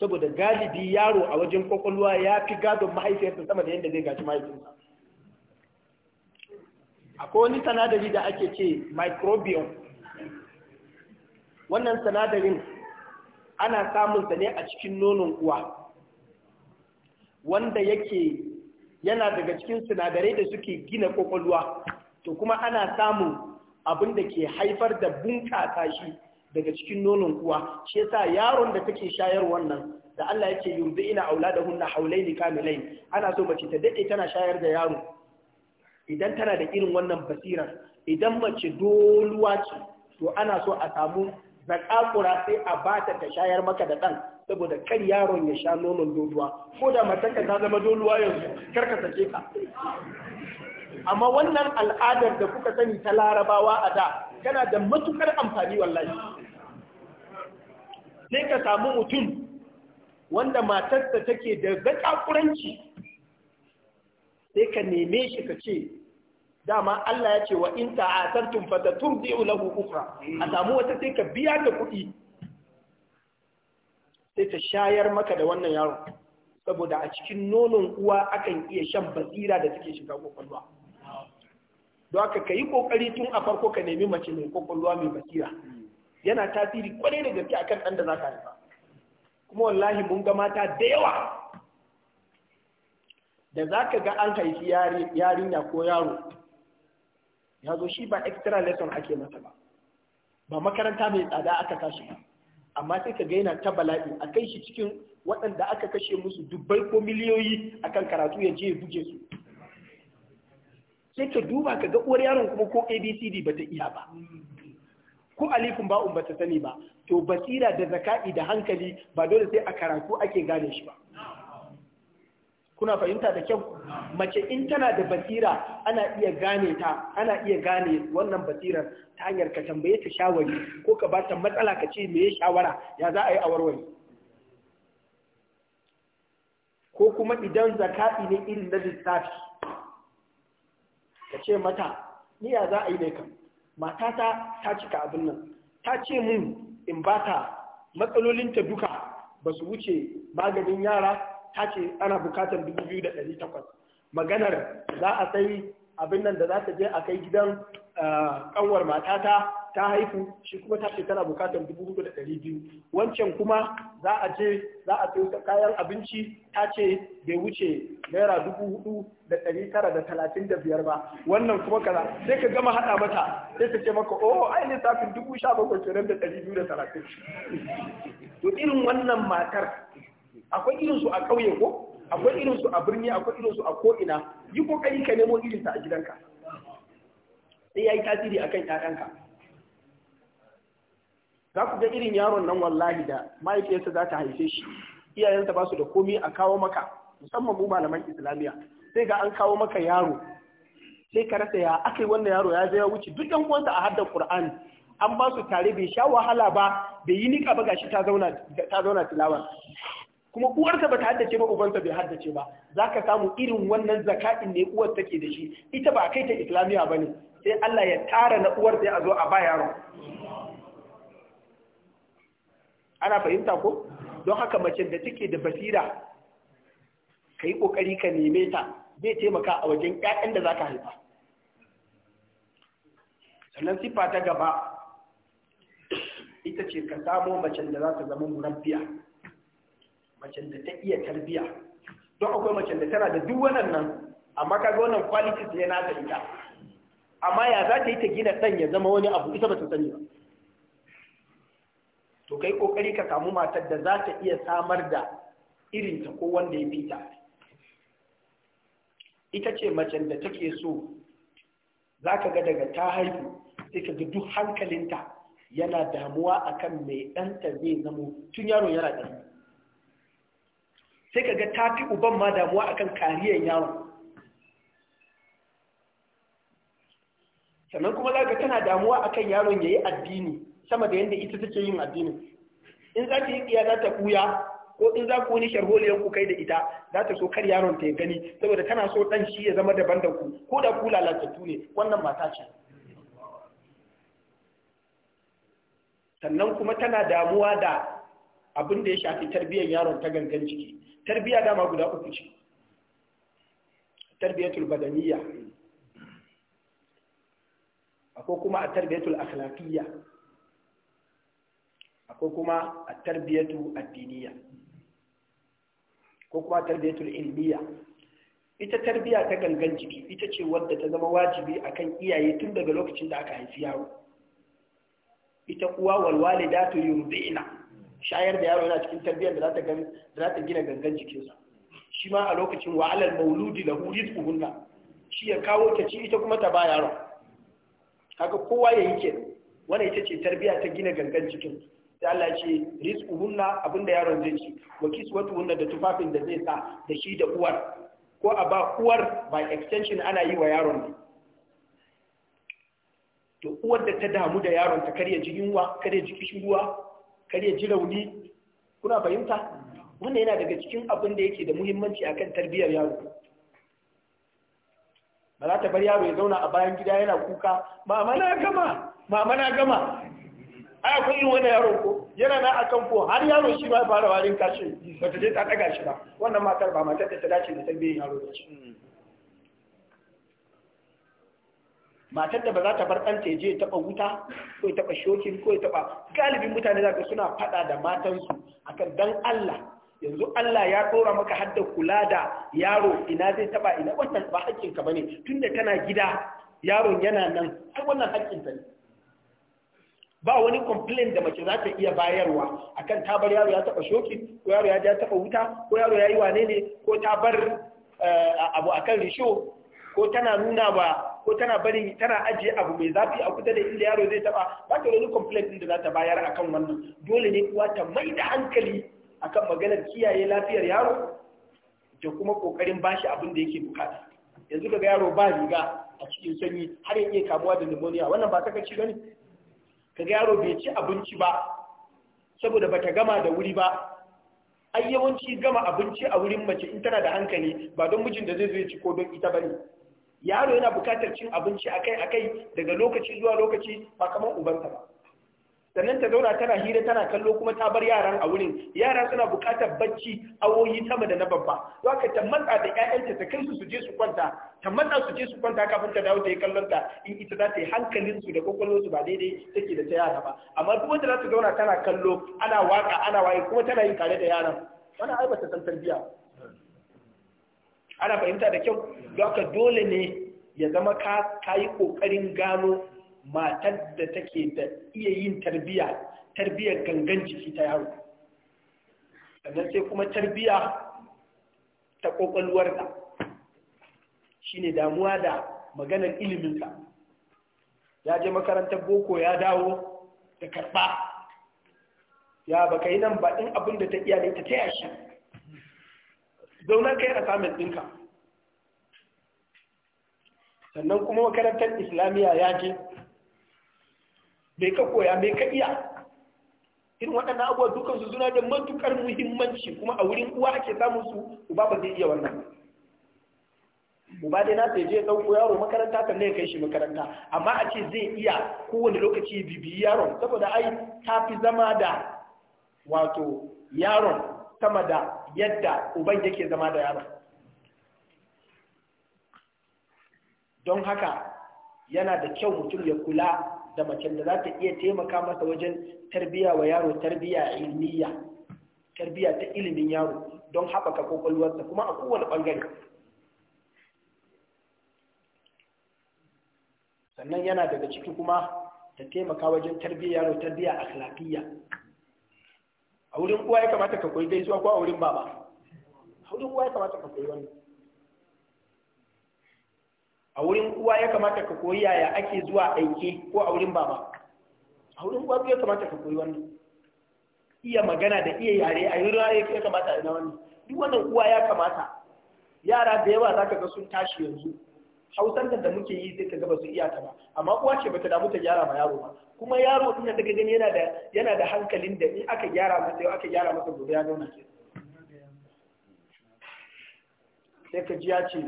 saboda galibi yaro a wajen kwakwalwa ya fi gadon mahaifiyarsa sama da yadda zai gaji mahaifinsa akwai wani sanadari da ake ce microbiome wannan sanadarin ana samunsa ne a cikin nonon uwa wanda yake yana daga cikin sinadarai da suke gina kwakwalwa to kuma ana samun abin da ke haifar da bunƙasa shi daga cikin nonon kuwa shi yasa yaron da take shayar wannan da Allah yake yurdi ina na haulaini kamilai ana so mace ta dade tana shayar da yaro idan tana da irin wannan basirar idan mace doluwa ce to ana so a samu zakakura sai a bata ta shayar maka da dan saboda kar yaron ya sha nonon doluwa ko da matanka ta zama doluwa yanzu kar ka sake ka amma wannan al'adar da kuka sani ta larabawa a da tana da matukar amfani wallahi sai ka samu mutum wanda matarsa take da zakakuranci sai ka neme shi ka ce dama Allah ya ce wa in ta'atartum fataturdi'u lahu ukhra a samu wata sai ka biya da kuɗi sai ta shayar maka da wannan yaro saboda a cikin nonon uwa akan iya shan basira da take shiga kwakwalwa don haka ka yi ƙoƙari tun a farko ka nemi mace mai kwakwalwa mai basira yana tasiri kwarai da gaske akan ɗan da za ka haifa kuma wallahi mun ga mata da yawa da za ka ga an haifi yarinya ko yaro ya zo shi ba extra lesson ake masa ba ba makaranta mai tsada aka tashi ba amma sai ka gaina ta bala'i a kai shi cikin waɗanda aka kashe musu dubbai ko miliyoyi akan karatu ya je ya buje su sai ka duba ka ga uwar yaron kuma ko abcd ba ta iya ba ko alifin ba'un ba ta sani ba to basira da zaka'i da hankali ba dole sai a karatu ake gane shi ba kuna fahimta da kyau mace in tana da basira ana iya gane ta ana iya gane wannan basirar ta hanyar ka tambaye ta shawari ko ka ba ta matsala ka ce me shawara ya za a yi a warware ko kuma idan zaka'i ne irin na lissafi ka ce mata niya za a yi dai kam matata ta cika abin nan ta ce mun in ba ta matsalolinta duka ba su wuce maganin yara ta ce ana bukatar takwas. maganar za a sai abin nan da za ta je a kai gidan kanwar matata ta haifu shi kuma ta ce tana bukatar dubu hudu da ɗari biyu wancan kuma za a je za a sayo kayan abinci ta ce bai wuce naira dubu hudu da ɗari tara da talatin da biyar ba wannan kuma kaza sai ka gama haɗa mata sai ka ce maka oh ai lissafin dubu sha bakwai kenan da ɗari biyu da talatin to irin wannan matar akwai irin su a ƙauye ko akwai irin su a birni akwai irin su a ko'ina yi kokari ka nemo irin ta a gidanka sai ya yi tasiri a kan ‘ya'yanka za ku ga irin yaron nan wallahi da mahaifiyarsa za ta haife shi iyayensa ba su da komi a kawo maka musamman mu malaman islamiyya sai ga an kawo maka yaro sai ka rasa ya aka yi wannan yaro ya zai wuce duk ɗan uwansa a haddar Kur'ani. an ba su tare bai sha wahala ba bai yi nika ba gashi ta zauna tilawa kuma uwarsa ba ta haddace ba ubansa bai haddace ba za ka samu irin wannan zaka'in ne uwar take da shi ita ba a kai ta islamiyya ba ne sai Allah ya tara na uwar sai a zo a ba yaro. ana fahimta ko don haka mace da take da basira ka yi ƙoƙari ka neme ta zai taimaka a wajen ƴaƴan da za ka haifa sannan siffa ta gaba ita ce ka samo macen da za ta zama murabbiya macen da ta iya tarbiya don akwai macen da tana da duk wannan amma ga wannan qualities ne na ta ita amma ya za ta yi ta gina ɗan ya zama wani abu ita ba ta sani ba to kai kokari ka samu matar da za ta iya samar da irinta ko wanda ya fita ita ce macen da take so za ka ga daga ta haihu sai ka ga duk hankalinta yana damuwa akan mai ɗanta zai zamo tun yaro yana ɗan sai ka ga ta fi uban ma damuwa akan kariyar yaron sannan kuma zaka tana damuwa akan yaron yayi addini sama da yanda ita take yin addini in za yi iya za ta kuya ko in za ku wani sharholiyar ku kai da ita za ta so kar yaron ta ya gani saboda tana so dan shi ya zama daban da ku ko da ku lalatattu ne wannan mata ce sannan kuma tana damuwa da abin da ya shafi tarbiyyar yaron ta gangan ciki tarbiyya dama guda uku ce tarbiyatul badaniyya akwai kuma a tarbiyatul akhlaqiyya akwai kuma a tarbiyatu addiniya ko kuma tarbiyatul ilmiya ita tarbiya ta gangan jiki ita ce wadda ta zama wajibi akan iyaye tun daga lokacin da aka haifi yaro ita uwa wal walidatu yurdina shayar da yaro yana cikin tarbiyar da za ta da za ta gina gangan jikinsa shi ma a lokacin wa alal mauludi lahu rizquhunna shi ya kawo ta ci ita kuma ta ba yaron kaga kowa ya yi kenan wannan ita ce tarbiyya ta gina gangan cikin sai Allah ya ce rizquhunna abinda yaron zai ci wa kiswatuhunna da tufafin da zai sa da shi da uwar ko a ba uwar by extension ana yi wa yaron ne to uwar da ta damu da yaron ta karya ji yunwa jikin ji kishirwa ji rauni kuna fahimta wannan yana daga cikin abin da yake da muhimmanci akan tarbiyyar yaro ba za ta bar yaro ya zauna a bayan gida yana kuka mama na gama mama na gama ai kun yi wani yaro ko yana na akan ko har yaro shi ba fara warin kashi ba ta je ta daga shi ba wannan matar ba matar da ta dace da tambayin yaro da shi matar da ba za ta bar ɗanta ya je ya taɓa wuta ko ya taɓa shokin ko ya taɓa galibin mutane za ka suna faɗa da matansu akan dan Allah yanzu Allah ya tsora maka hadda kula da yaro ina zai taba ina wannan ba haƙƙinka bane tunda kana gida yaron yana nan ai wannan haƙƙinta ne ba wani complain da mace za ta iya bayarwa akan ta bar yaro ya taba shoki ko yaro ya ja taba wuta ko yaro ya wane ne ko ta bar eh, abu akan risho ko tana nuna ba ko tana bari tana ajiye abu mai zafi a kusa da inda yaro zai taba ba ta wani complaint din da za ta bayar akan wannan dole ne kuwa ta mai da hankali akan maganar kiyaye lafiyar yaro da kuma kokarin bashi abin da yake bukata yanzu kaga yaro ba riga a cikin sanyi har ya iya kamuwa da pneumonia wannan ba ci bane kaga yaro bai ci abinci ba saboda bata gama da wuri ba ai yawanci gama abinci a wurin mace in tana da hankali ba don mijin da zai zo ya ci ko don ita bane yaro yana bukatar cin abinci akai-akai daga lokaci zuwa lokaci ba kamar ubanta ba sannan ta zauna tana hira tana kallo kuma ta bar yaran a wurin yara suna bukatar bacci awoyi sama da na babba zaka ta matsa da ƴaƴanta ta kai su je su kwanta ta su je su kwanta kafin ta dawo ta yi kallon ta in ita za ta yi hankalin su da kwakwalwar su ba daidai take da ta yara ba amma duk wanda za ta zauna tana kallo ana waka ana waye kuma tana yi tare da yaran wannan ai ba ta san tarbiya ana fahimta da kyau don dole ne ya zama ka yi ƙoƙarin gano matar da take da iya yin tarbiya tarbiyar gangan jiki ta yaro sannan sai kuma tarbiya ta shi shine damuwa da maganar iliminsa ya je makarantar boko ya dawo da karɓa ya baka yi nan ba in abin da ta iya ne ta taya shi zaunar kai assignment ɗinka sannan kuma makarantar islamiyya ya je me ka koya me ka iya irin waɗannan abuwa dukan su suna da matukar muhimmanci kuma a wurin uwa ake samun su uba ba zai iya wannan uba dai na sai je ya dauko yaro makaranta kan ne kai shi makaranta amma a ce zai iya kowane lokaci bibiyi yaron saboda ai ta fi zama da wato yaron sama da yadda uban yake zama da yaron don haka yana da kyau mutum ya kula da macen da za ta iya taimaka masa wajen tarbiya wa yaro tarbiya ilmiya tarbiya ta ilimin yaro don haɓaka kwakwalwarsa kuma a kowane ɓangare sannan yana daga ciki kuma ta taimaka wajen tarbiya yaro tarbiya akhlaqiyya a wurin kuwa ya kamata ka koyi gaisuwa ko a wurin baba a wurin kuwa ya kamata ka koyi wannan a wurin uwa ya kamata ka koyi yaya ake zuwa aike ko a wurin baba a wurin uwa ya kamata ka koyi wannan iya magana da iya yare a wurin ya kamata ina wannan duk wannan uwa ya kamata yara da yawa za ka ga sun tashi yanzu hausar da muke yi sai ka gaba su iya ba amma uwa ce bata damu ta gyara ma yaro ba kuma yaro din da daga gani yana da yana da hankalin da in aka gyara masa aka gyara masa gobe ya zauna ke sai ka ji ya ce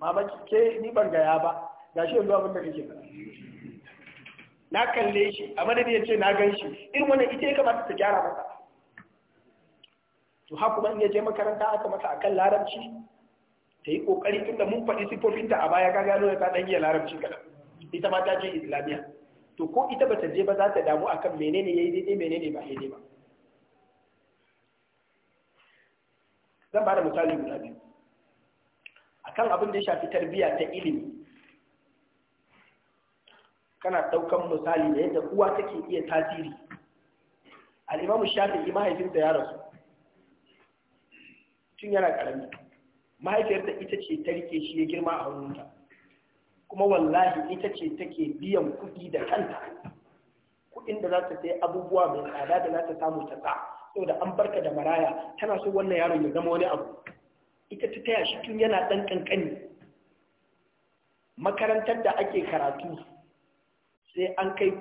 mama ke ni ban gaya ba ga shi yanzu abin da kake faɗa na kalle shi a madadi ya ce na gan shi irin wannan ita ya kamata ta gyara masa to haka ban ya je makaranta aka masa akan larabci ta yi kokari tunda mun faɗi sifofinta a baya ka gano ta ɗan iya larabci kaɗan ita ma ta je islamiyya to ko ita ba ta je ba za ta damu akan menene ya yi daidai menene ba daidai ba zan ba da misali guda biyu akan abin da ya shafi tarbiya ta ilimi kana ɗaukan misali da yadda uwa take iya tasiri al'imamu shafi'i mahaifinta ya rasu tun yana ƙarami mahaifiyarta ita ce ta rike shi ya girma a hannunta kuma wallahi ita ce take biyan kuɗi da kanta kuɗin da za ta sai abubuwa mai tsada da za ta samu ta sa saboda an barka da maraya tana so wannan yaron ya zama wani abu ita ta taya shi tun yana ɗan ƙanƙani makarantar da ake karatu sai an kai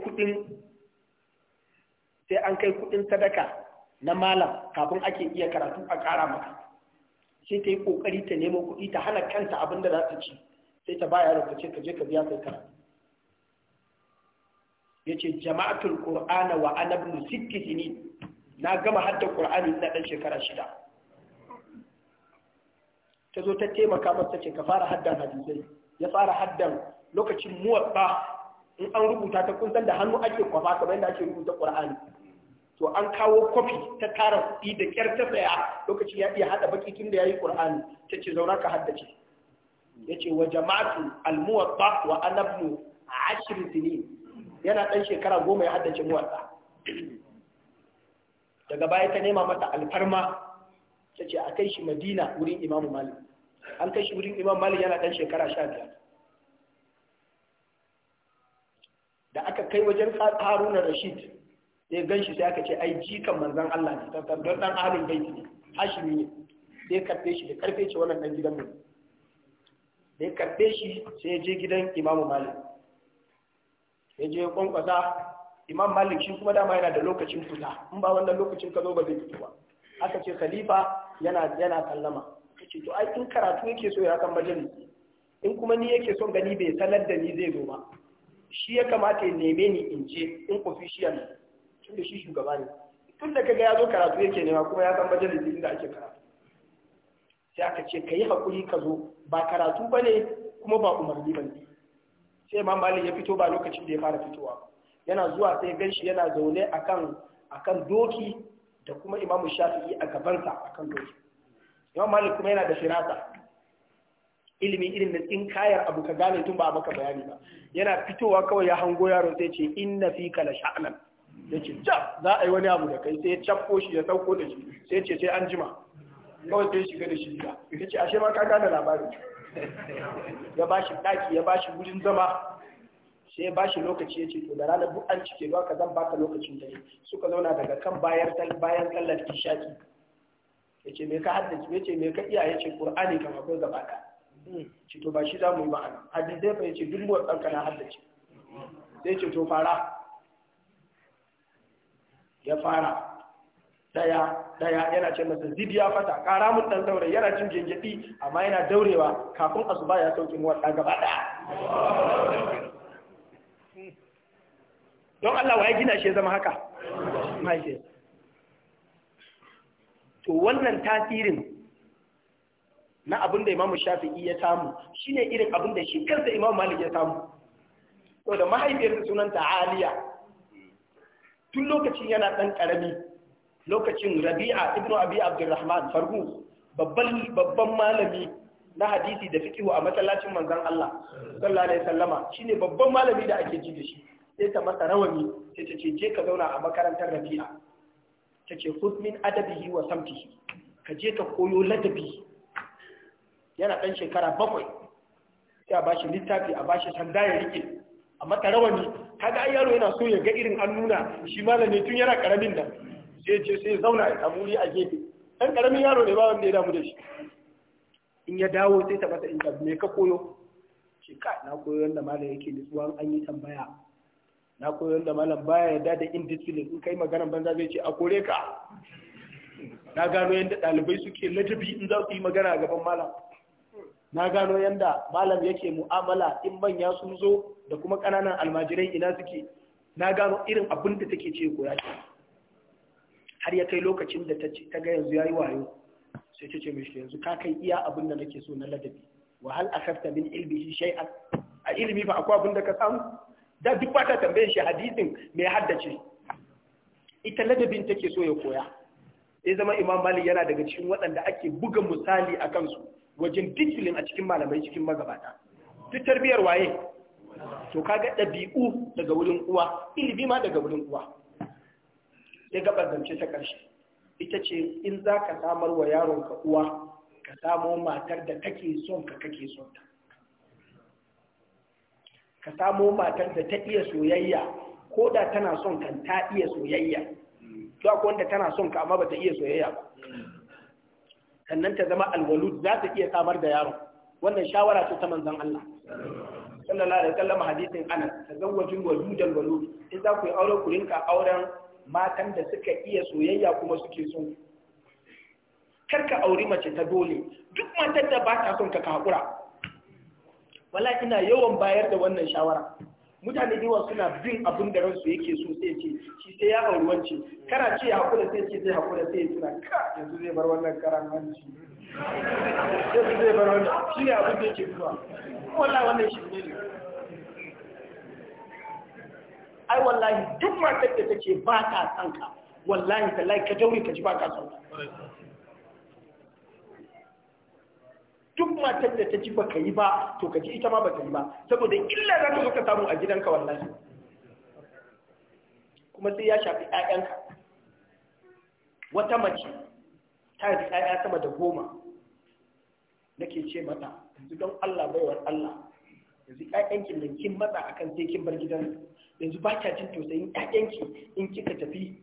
kuɗin sadaka na malam kafin ake iya karatu a ƙara maka sai ta yi ƙoƙari ta nemo kuɗi ta hana kanta abin da za ta ci sai ta baya da ce ka je ka biya kai karatu ya ce jama'atul ƙur'ana wa anabnu na gama hadda ƙur'ani na ɗan shekara shida ta zo ta taimaka masa ce ka fara haddan hadisai ya fara haddan lokacin muwatta in an rubuta ta kun san da hannu ake kwafa kamar yadda ake rubuta qur'ani to an kawo kwafi ta tara kuɗi da kyar ta tsaya lokacin ya iya hada baki tun da yayi qur'ani ta ce zauna ka haddace yace wa jama'atu al-muwatta wa ana ibn 10 sinin yana ɗan shekara goma ya haddace muwatta daga baya ta nema mata alfarma ta ce a kai shi madina wurin imamu malik an kai shi wurin imam malik yana dan shekara sha biyar da aka kai wajen haruna rashid sai gan shi sai aka ce ai jikan manzan Allah ne tattar don dan ahlul baiti ne hashimi ne sai karfe shi da karfe ce wannan dan gidan mu da ya karfe shi sai ya je gidan imamu malik ya je ya kwankwasa imam malik shi kuma dama yana da lokacin fita in ba wannan lokacin ka zo ba zai fito ba aka ce khalifa yana yana sallama kake to ai in karatu yake so ya san bajin in kuma ni yake son gani bai sanar da ni zai zo ba shi ya kamata ya neme ni in je in official tun da shi shugaba ne tun da kaga ya zo karatu yake nema kuma ya san majalisi inda ake karatu sai aka ce ka yi hakuri ka zo ba karatu ba ne kuma ba umarni ba ne sai imam malik ya fito ba lokacin da ya fara fitowa yana zuwa sai gan shi yana zaune akan akan doki da kuma imamu shafi'i a gabansa akan doki imam malik kuma yana da shirasa ilimi irin da in kayar abu ka gane tun ba a maka bayani ba yana fitowa kawai ya hango yaron sai ce inna fi kala sha'anan ya ce cap za a yi wani abu da kai sai ya cafko shi ya sauko da shi sai ce sai an jima kawai sai shiga da shi gida ya ce ashe ma ka gane labarin ya ba shi ɗaki ya ba shi wurin zama sai ya ba shi lokaci ya ce to da ranar bu an cike ba ka zan baka lokacin dare suka zauna daga kan bayan sallar ishaki yace me ka haddace yace me ka iya yace qur'ani kan akwai gaba ka hmm. ce to ba shi za mu yi ba ana haddace fa yace duk motsan ka na haddace sai ce to fara ya fara daya daya yana ce masa zid ya fata kara mun dan daure yana cin gengedi amma yana daurewa kafin asuba ya sauƙi mu wadda gaba daya don Allah wa ya gina shi ya zama haka mai to wannan tasirin na abin da imamu shafi'i ya samu shine irin abin da shi kansa imamu malik ya samu to da mahaifiyarsa sunanta aliya tun lokacin yana ɗan karami lokacin rabi'a ibnu abi abdurrahman farhu babban babban malami na hadisi da fiqhu a masallacin manzon Allah sallallahu alaihi wasallama shine babban malami da ake ji da shi sai ta masa rawani sai ta ce je ka zauna a makarantar rabi'a ta ce min adabihi wa samtihi ka je ka koyo ladabi yana ɗan shekara bakwai sai a bashi littafi a bashi sanda ya rike a mata rawani kaga ai yaro yana so ya ga irin an nuna shi malami tun yana karamin nan sai ce sai zauna a muri a gefe ɗan karamin yaro ne ba wanda ya damu da shi in ya dawo sai ta masa inda me ka koyo shi ka na koyo yadda malam yake nutsuwa an yi tambaya na koyon da malam baya yarda da indiscipline in kai magana banza zai ce a kore ka na gano yadda ɗalibai suke ladabi in za su yi magana a gaban malam na gano yadda malam yake mu'amala in manya sun zo da kuma ƙananan almajirai ina suke na gano irin abin da take ce koya ce har ya kai lokacin da ta ga yanzu ya yi wayo sai ta ce mishi yanzu ka kai iya abin da nake so na ladabi wa hal akhafta min ilmi shay'an a ilimi fa akwai abin da ka samu da duk ba ta tambayar shi hadisin mai haddace ita ladabin take so ya koya Ya zama imam malik yana daga cikin waɗanda ake buga misali a kansu wajen dikilin a cikin malamai cikin magabata duk tarbiyar waye to kaga ɗabi'u daga wurin uwa ilimi ma daga wurin uwa sai ga zance ta ƙarshe ita ce in za ka samar wa yaronka uwa ka samo matar da kake son ka kake son ta ka samo matar da ta iya soyayya ko da tana son kan ta iya soyayya to akwai wanda tana son ka amma ba ta iya soyayya sannan ta zama alwalud za ta iya samar da yaron wannan shawara ce ta manzon Allah sallallahu alaihi wasallam hadisin Anas tazawwaju waludan walud in za ku yi aure ku rinka auren matan da suka iya soyayya kuma suke son karka auri mace ta dole duk matar da ba ta son ka ka hakura wala ina yawan bayar da wannan shawara mutane da yawa suna bin abin da ransu yake so sai ce shi sai ya auri wance kana ce hakura sai ce zai hakura sai tuna ka yanzu zai bar wannan karan hanci yanzu zai bar wannan shi ne abin da yake zuwa wallahi wannan shi ne ai wallahi duk matar da take ba ka san ka wallahi tallahi ka daure ka ji ba ka san ka duk matar da ta ji ba ka yi ba to ka ji ita ma ba ka yi ba saboda illa za ka zo ka samu a gidanka wallahi kuma sai ya shafi ‘ya'yanka wata mace ta yi ‘ya'ya sama da goma nake ce mata yanzu don Allah baiwar Allah yanzu ‘ya'yankin da kin matsa akan sai kin bar gidan yanzu ba ta jin tausayin ‘ya'yanki in kika tafi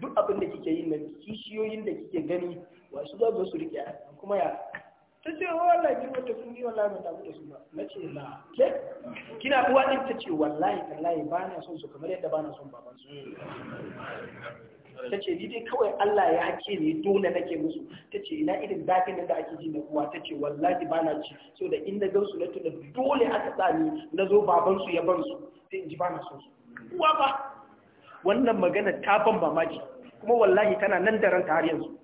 duk abin da kike yi na kishiyoyin da kike gani wasu za su riƙe kuma ya ta ce wallahi oh, ni wata sun yi wallahi ban damu da su ba na ce la ke kina uwa din ta ce wallahi tallahi ba na son su kamar yadda ba na son baban su ta ce ni dai kawai Allah ya hake ni dole nake musu ta ce ina irin daɗin da ake ji na uwa ta ce wallahi ba na ci so da inda gan su na tuna dole aka sa ni na zo baban su ya ban su sai in ji ba na son su uwa ba wannan magana ta ban mamaki kuma wallahi tana nan da ranta har yanzu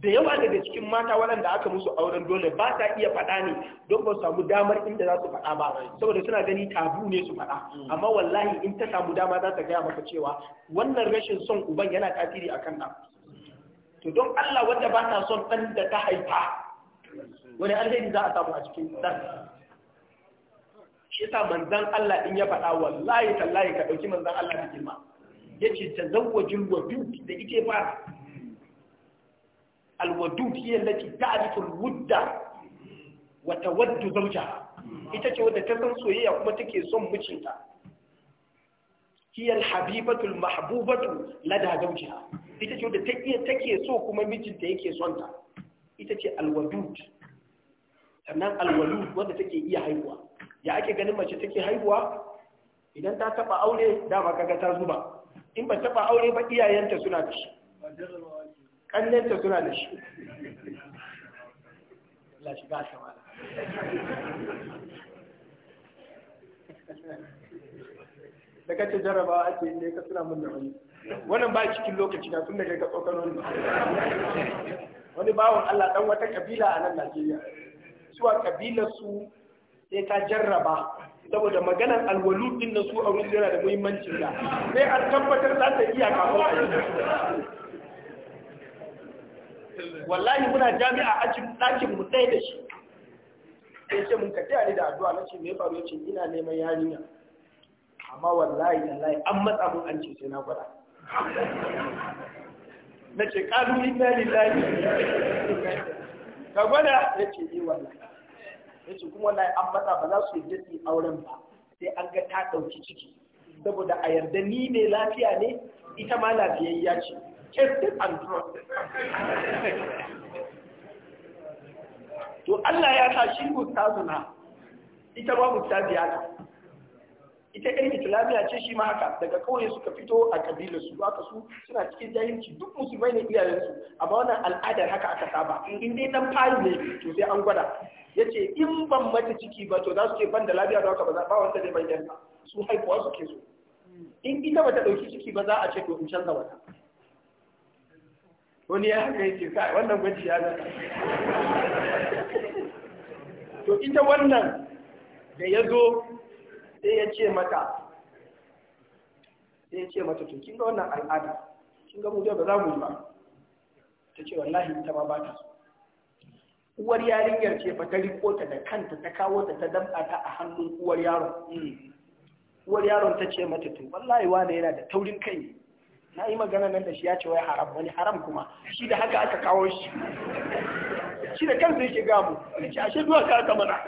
da yawa daga cikin mata waɗanda aka musu auren dole ba ta iya faɗa ne don ba samu damar inda za su faɗa ba saboda suna gani tabu ne su faɗa amma wallahi in ta samu dama za ta gaya maka cewa wannan rashin son uban yana tasiri a kan to don Allah wanda ba ta son ɗan da ta haifa wani alheri za a samu a cikin ɗan shi ta manzan Allah in ya faɗa wallahi tallahi ka ɗauki manzan Allah da girma yace tazawwajul biyu da ike fara alwadud hiya allati ta'rifu alwudda wa tawaddu zawjaha ita ce wadda ta san soyayya kuma take son mijinta hiya alhabibatu Mahbubatu lada zawjiha ita ce wadda ta take take so kuma mijinta yake son ta ita ce alwadud sannan alwalud wadda take iya haihuwa ya ake ganin mace take haihuwa idan ta taba aure dama kaga ta zuba in ba taba aure ba iyayenta suna da shi ƙannenta suna da shi Allah shi da kace jarabawa ake ne ka suna mun da wani wannan ba cikin lokaci na tun da kai ka tsokar wani wani bawon Allah dan wata kabila a nan Najeriya suwa kabilar su sai ta jarraba saboda maganar alwalu din na su a wurin yana da muhimmancin da sai an tabbatar za ta iya kafin a yi wallahi muna jami'a a cikin ɗakin mu ɗaya da shi sai ce mun kaɗi ni da addu'a na ce me faru ce ina neman yarinya amma wallahi wallahi an matsa mun an ce sai na gwada na ce inna lillahi ka gwada yace ce yi eh, wallahi yace ce kuma wallahi an matsa ba za su yi daɗi auren ba sai an ga ta ɗauki ciki saboda a yarda ni ne lafiya ne ita ma lafiyayya ce tested and trusted to Allah ya sa shi mustazuna ita ba mustaziya ta ita ɗan islamiya ce shi ma haka daga kauye suka fito a kabilar su aka su suna cikin jahilci duk musulmai ne iyayensu amma wannan al'adar haka aka saba in dai dan fari ne to sai an gwada yace in ban mata ciki ba to za su ce ban da lafiya da haka ba za ba wanda zai bayyana su su ke so in ita ba ta dauki ciki ba za a ce to in canza wata wani ya haka yake sa wannan gwaji ya zata. to ita wannan da ya zo sai ya ce mata sai ya ce mata to kin ga wannan al'ada kin ga mu zai ba za mu yi ba ta ce wallahi ita ma ba ta so uwar yarinyar ce ba ta riko ta da kanta ta kawo ta ta damta ta a hannun uwar yaron uwar yaron ta ce mata to wallahi wane yana da taurin kai na yi magana nan da shi ya ce wai haram wani haram kuma shi da haka aka kawo shi shi da kansa yake gamu ya ce ashe zuwa ka mana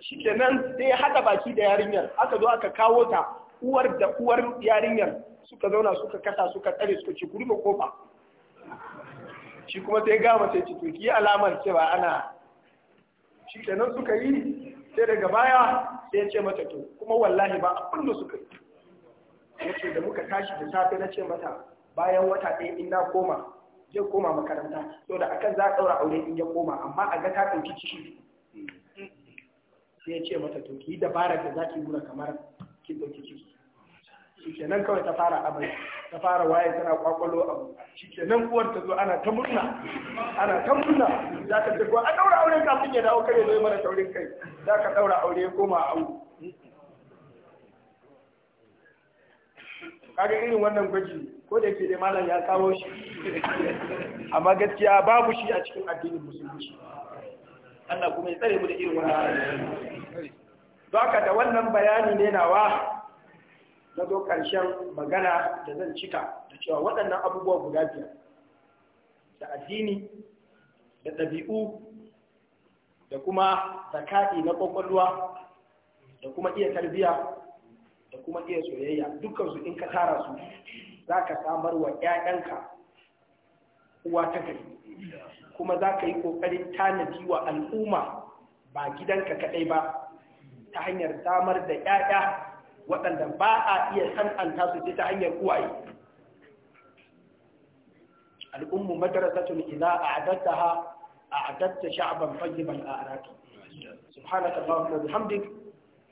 shi nan sai ya haɗa baki da yarinyar aka zo aka kawo ta uwar da uwar yarinyar suka zauna suka kasa suka tsare suka ce kuri rufe kofa shi kuma sai gama sai ci to ki alamar cewa ana shi da nan suka yi sai daga baya sai ya ce mata to kuma wallahi ba abin da suka yi yace da muka tashi da safe na ce mata bayan wata ɗaya in na koma zai koma makaranta so da akan za a ɗaura aure in ya koma amma a ga ta ɗauki ciki sai ya ce mata to ki dabara da za ki nuna kamar ki ɗauki ciki shikenan kawai ta fara amai ta fara waye tana kwakwalo abu shikenan uwar ta zo ana ta murna ana ta murna za ka ce ko an ɗaura aure kafin ya dawo kare zai mana taurin kai za ka ɗaura aure koma aure kaga irin wannan gwaji ko da ke da malam ya kawo shi amma gaskiya babu shi a cikin addinin musulunci Allah kuma ya tsare mu da irin wannan haka da wannan bayani ne nawa na zo ƙarshen magana da zan cika da cewa waɗannan abubuwa guda biyar da addini da ɗabi'u da kuma zakati na ƙwaƙwalwa da kuma iya tarbiyya da kuma iya soyayya dukkan su in ka tara su za ka samar wa 'ya'yanka uwa ta gari kuma za ka yi ƙoƙarin tanadi wa al'umma ba gidanka kaɗai ba ta hanyar samar da 'ya'ya waɗanda ba a iya san'anta su ta hanyar uwaye al'ummu madarasatun idza a'adattaha a'adatta sha'ban tayyiban a'raq subhanaka allahumma wa bihamdika